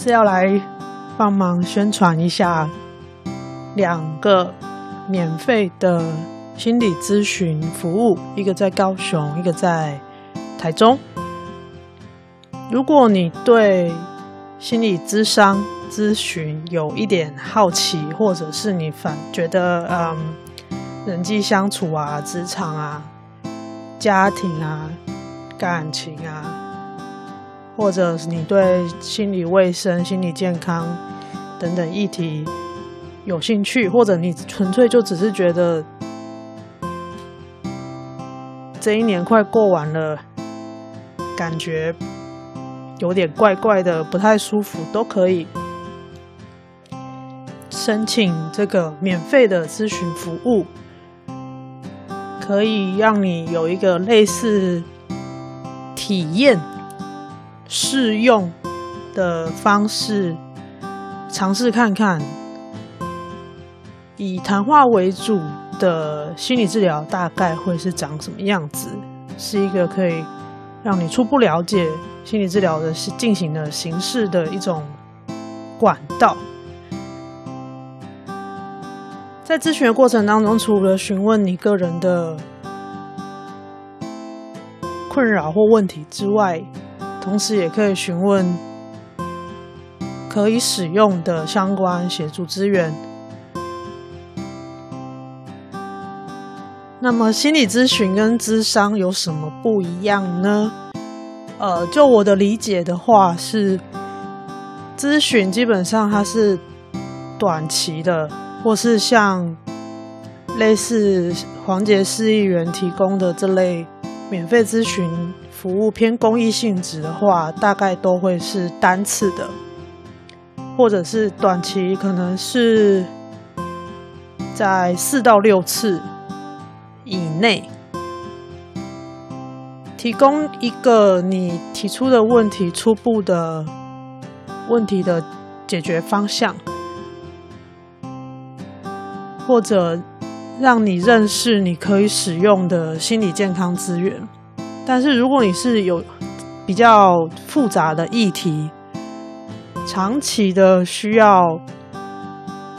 是要來幫忙宣傳一下兩個免費的心理諮詢服務，一個在高雄，一個在台中。如果你對心理諮商諮詢有一點好奇，或者是你反覺得嗯人際相處啊、職場啊、家庭啊、感情啊。或者你對心理衛生、心理健康等等議題有興趣，或者你純粹就只是覺得這一年快過完了，感覺有點怪怪的、不太舒服，都可以申請這個免費的諮詢服務，可以讓你有一個類似體驗。試用的方式，嘗試看看以談話為主的心理治療大概會是長什麼樣子，是一個可以讓你初步了解心理治療的進行的形式的一種管道。在諮詢的過程當中，除了詢問你個人的困擾或問題之外，同時也可以詢問可以使用的相關協助資源。那麼心理諮詢跟諮商有什麼不一樣呢？呃，就我的理解的話，是諮詢基本上它是短期的，或是像類似黃捷市議員提供的這類。免費諮詢服務偏公益性質的話，大概都會是單次的，或者是短期，可能是，在四到六次以內，提供一個你提出的問題初步的問題的解決方向，或者。讓你認識你可以使用的心理健康資源，但是如果你是有比較複雜的議題，長期的需要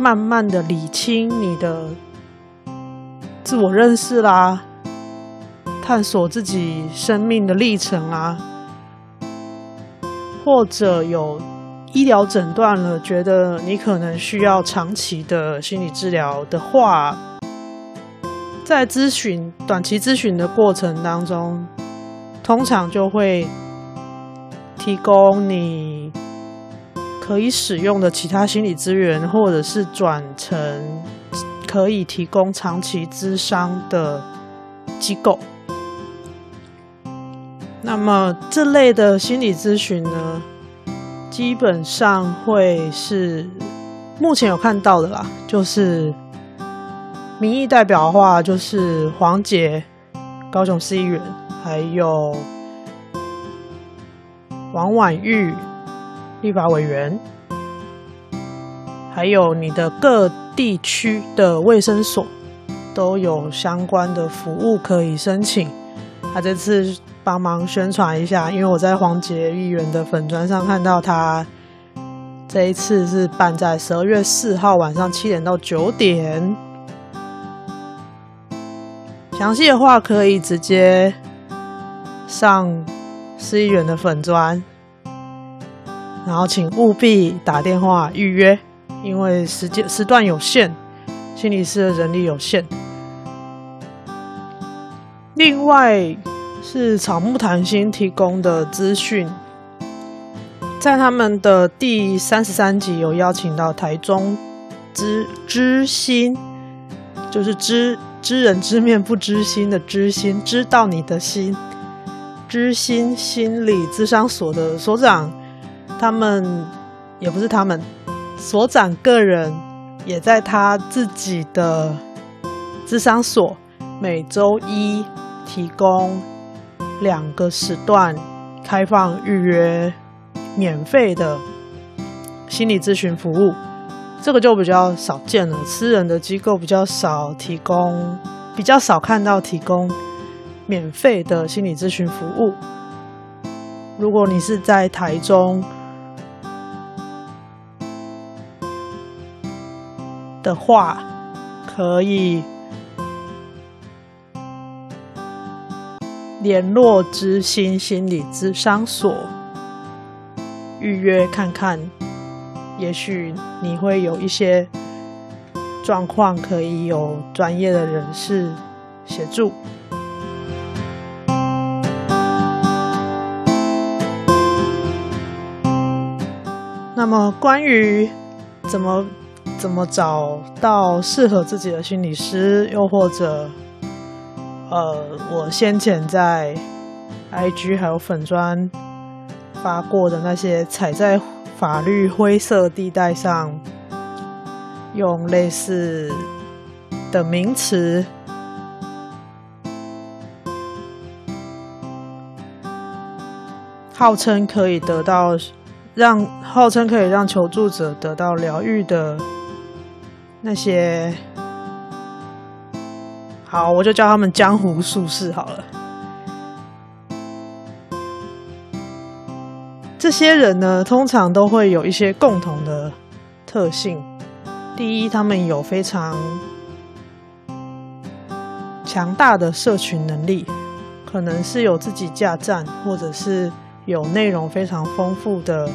慢慢的理清你的自我認識啦，探索自己生命的歷程啊，或者有醫療診斷了，覺得你可能需要長期的心理治療的話。在諮詢短期諮詢的過程當中，通常就會提供你可以使用的其他心理資源，或者是轉成可以提供長期諮商的機構。那麼這類的心理諮詢呢，基本上會是目前有看到的啦，就是。民意代表的話就是黃捷，高雄市議員，還有王婉諭立法委員，還有你的各地區的衛生所都有相關的服務可以申請。他這次幫忙宣傳一下，因為我在黃捷議員的粉專上看到他這一次是辦在十二月四號晚上七點到九點。詳細的話可以直接上思議員的粉專，然後請務必打電話預約，因為時間時段有限，心理師的人力有限。另外是草木談心提供的資訊，在他們的第三十三集有邀請到台中知知心，就是知。知人知面不知心的知心，知道你的心。知心心理諮商所的所長，他們也不是他們，所長個人也在他自己的諮商所，每周一提供兩個時段開放預約，免費的心理諮詢服務。這個就比較少見了，私人的機構比較少提供，比較少看到提供免費的心理諮詢服務。如果你是在台中的話，可以聯絡知心心理諮商所，預約看看。也許你會有一些狀況，可以有專業的人士協助。那麼，關於怎麼怎麼找到適合自己的心理師，又或者，呃，我先前在 IG 還有粉專發過的那些踩在法律灰色地帶上，用類似的名詞，號稱可以得到，讓，號稱可以讓求助者得到療癒的那些，好，我就叫他們江湖術士好了。這些人呢，通常都會有一些共同的特性。第一，他們有非常強大的社群能力，可能是有自己架站，或者是有內容非常豐富的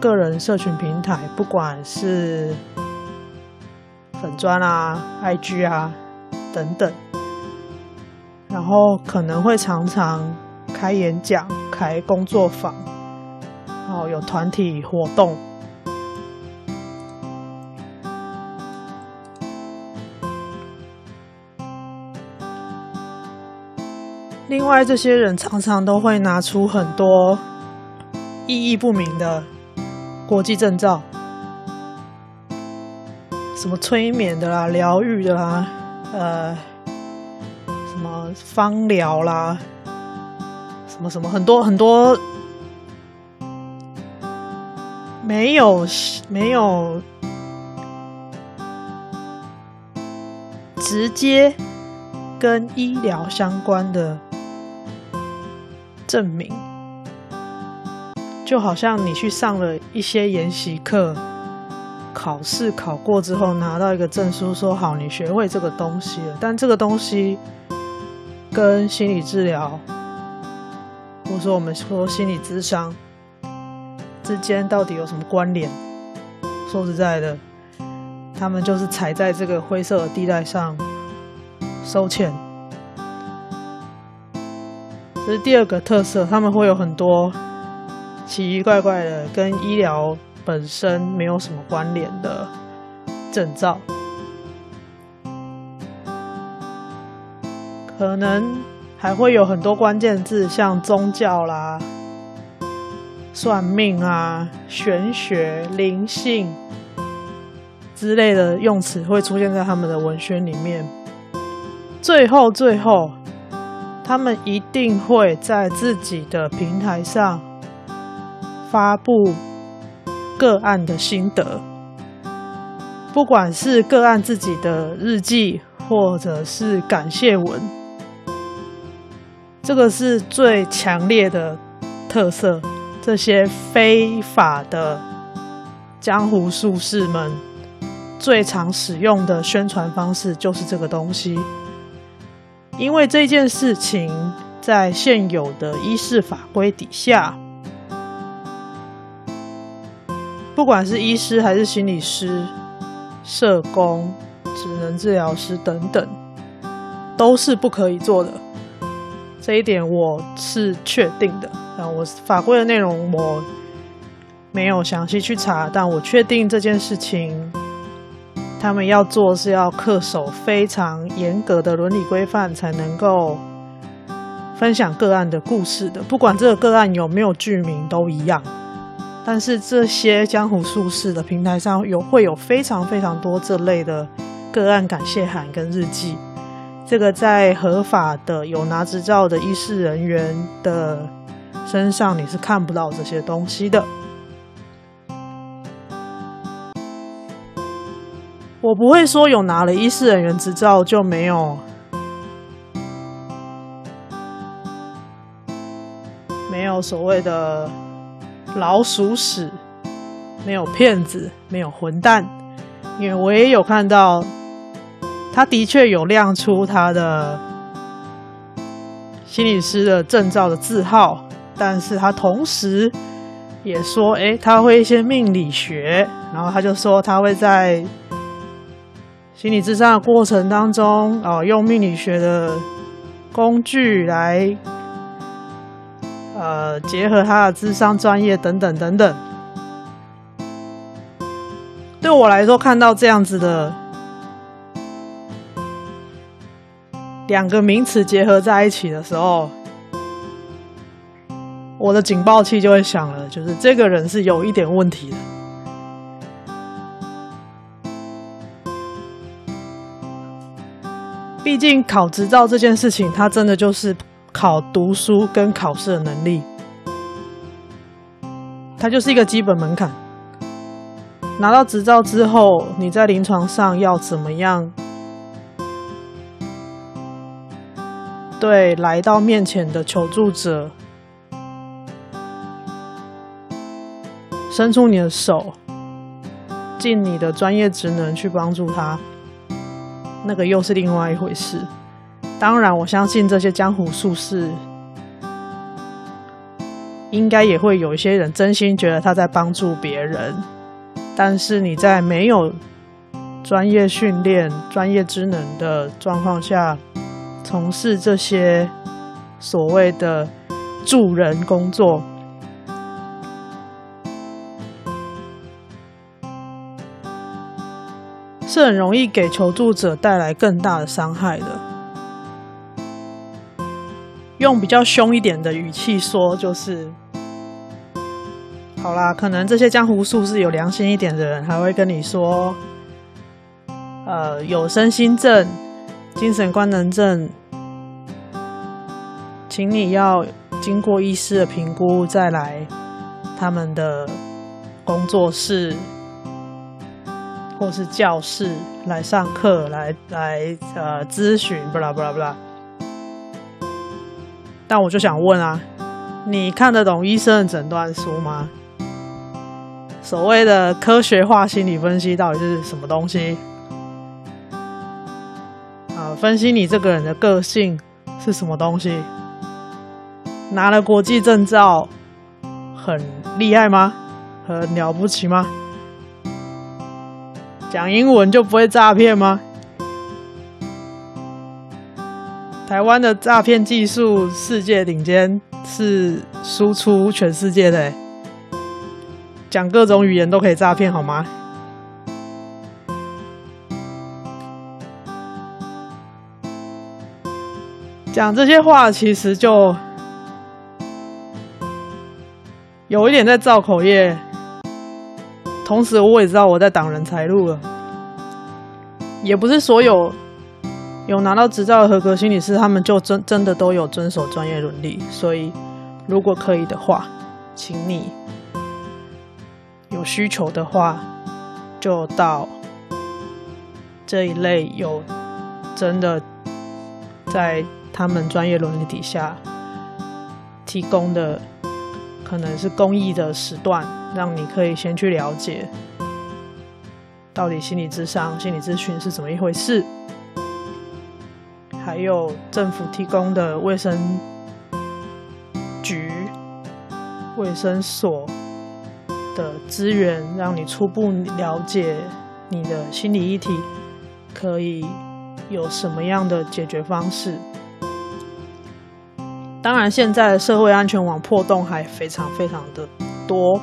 個人社群平台，不管是粉專啊、IG 啊等等。然後可能會常常開演講、開工作坊。哦，有團體活動。另外，這些人常常都會拿出很多意義不明的國際證照，什麼催眠的啦、啊、療癒的啦、啊，呃，什麼芳療啦，什麼什麼很多很多。很多沒有沒有直接跟醫療相關的證明，就好像你去上了一些研習課，考試考過之後拿到一個證書，說好你學會這個東西了，但這個東西跟心理治療，或者說我們說心理諮商之間到底有什麼關聯？說實在的，他們就是踩在這個灰色的地帶上收錢。這是第二個特色，他們會有很多奇奇怪怪的跟醫療本身沒有什麼關聯的證照，可能還會有很多關鍵字，像宗教啦。算命啊、玄學、靈性之類的用詞會出現在他們的文宣裡面。最後，最後，他們一定會在自己的平台上發布個案的心得，不管是個案自己的日記，或者是感謝文，這個是最強烈的特色。這些非法的江湖術士們最常使用的宣傳方式就是這個東西，因為這件事情在現有的醫事法規底下，不管是醫師還是心理師、社工、職能治療師等等，都是不可以做的。這一點我是確定的。呃，我法規的內容我沒有詳細去查，但我確定這件事情，他們要做是要恪守非常嚴格的倫理規範，才能夠分享個案的故事的。不管這個個案有沒有具名都一樣，但是這些江湖術士的平台上有會有非常非常多這類的個案感謝函跟日記。這個在合法的有拿執照的醫事人員的。身上，你是看不到這些東西的。我不會說有拿了醫事人員執照就沒有沒有所謂的老鼠屎，沒有騙子，沒有混蛋，因為我也有看到，他的確有亮出他的心理師的證照的字號。但是他同時也說，誒、欸，他會一些命理學，然後他就說他會在心理諮商的過程當中啊、呃，用命理學的工具來呃，結合他的諮商專業等等等等。對我來說，看到這樣子的兩個名詞結合在一起的時候，我的警報器就會響了，就是這個人是有一點問題的。畢竟考執照這件事情，它真的就是考讀書跟考試的能力，它就是一個基本門檻。拿到執照之後，你在臨床上要怎麼樣？對，來到面前的求助者。伸出你的手，盡你的專業職能去幫助他，那個又是另外一回事。當然，我相信這些江湖術士應該也會有一些人真心覺得他在幫助別人。但是你在沒有專業訓練、專業知能的狀況下從事這些所謂的助人工作，是很容易給求助者帶來更大的傷害的。用比較凶一點的語氣說，就是，好啦，可能這些江湖術士有良心一點的人，還會跟你說，呃，有身心症、精神官能症，請你要經過醫師的評估再來他們的工作室。或是教室來上課，來來呃諮詢，不啦不啦不啦。Blah, Blah, Blah. 但我就想問啊，你看得懂醫生的診斷書嗎？所謂的科學化心理分析到底是什麼東西？呃，分析你這個人的個性是什麼東西？拿了國際證照很厲害嗎？很了不起嗎？講英文就不會詐騙嗎？台灣的詐騙技術世界頂尖，是輸出全世界的欸。講各種語言都可以詐騙，好嗎？講這些話，其實就有一點在造口業。同時，我也知道我在擋人財路了。也不是所有有拿到執照的合格心理師，他們就真真的都有遵守專業倫理。所以，如果可以的話，請你有需求的話，就到這一類有真的在他們專業倫理底下提供的，可能是公益的時段。讓你可以先去了解到底心理諮商、心理諮詢是怎麼一回事，還有政府提供的衛生局、衛生所的資源，讓你初步了解你的心理議題可以有什麼樣的解決方式。當然，現在的社會安全網破洞還非常非常的多。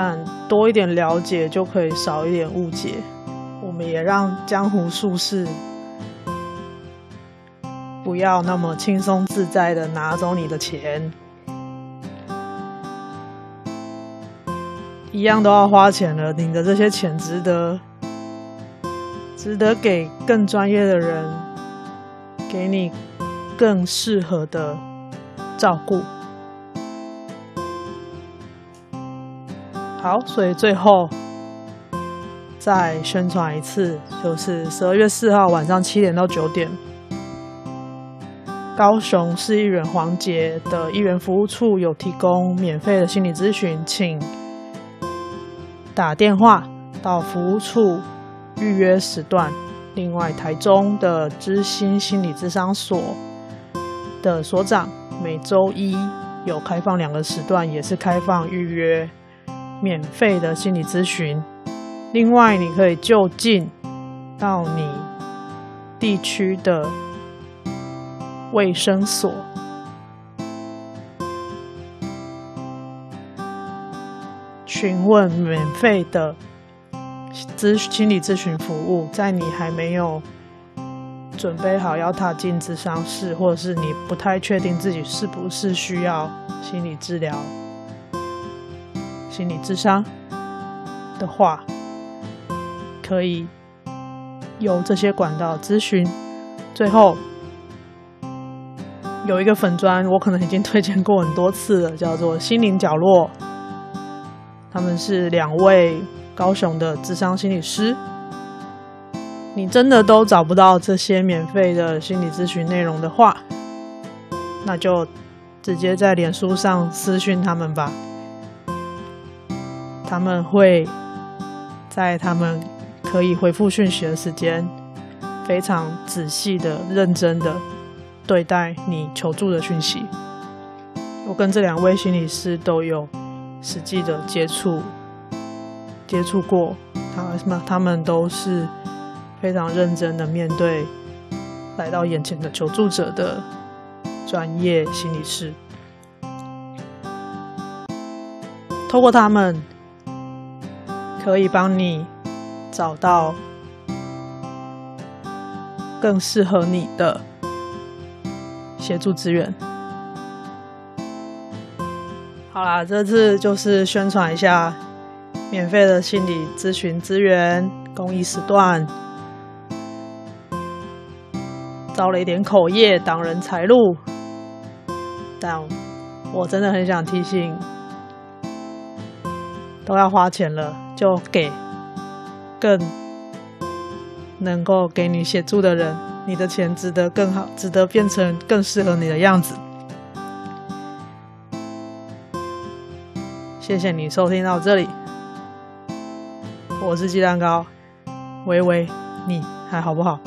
但多一點了解就可以少一點誤解。我們也讓江湖術士不要那麼輕鬆自在的拿走你的錢，一樣都要花錢了。你的這些錢值得，值得給更專業的人給你更適合的照顧。好，所以最後再宣傳一次，就是十二月四號晚上七點到九點，高雄市議員黃捷的議員服務處有提供免費的心理諮詢，請打電話到服務處預約時段。另外，台中的知心心理谘商所的所長每周一有開放兩個時段，也是開放預約。免費的心理諮詢，另外你可以就近到你地區的衛生所詢問免費的諮心理諮詢服務。在你還沒有準備好要踏進諮商室，或者是你不太確定自己是不是需要心理治療，心理諮商的話，可以由這些管道諮詢。最後有一個粉專，我可能已經推薦過很多次了，叫做心靈角落。他們是兩位高雄的諮商心理師。你真的都找不到這些免費的心理諮詢內容的話，那就直接在臉書上私訊他們吧。他們會，在他們可以回復訊息的時間，非常仔細的、認真的對待你求助的訊息。我跟這兩位心理師都有實際的接觸，接觸過，他，他們都是非常認真的面對來到眼前的求助者的專業心理師。透過他們。可以幫你找到更適合你的協助資源。好啦，這次就是宣傳一下免費的心理諮詢資源、公益時段。招了一點口業擋人財路，但我真的很想提醒，都要花錢了。就給更能夠給你協助的人，你的錢值得更好，值得變成更適合你的樣子。謝謝你收聽到這裡，我是雞蛋糕，喂喂，你還好不好？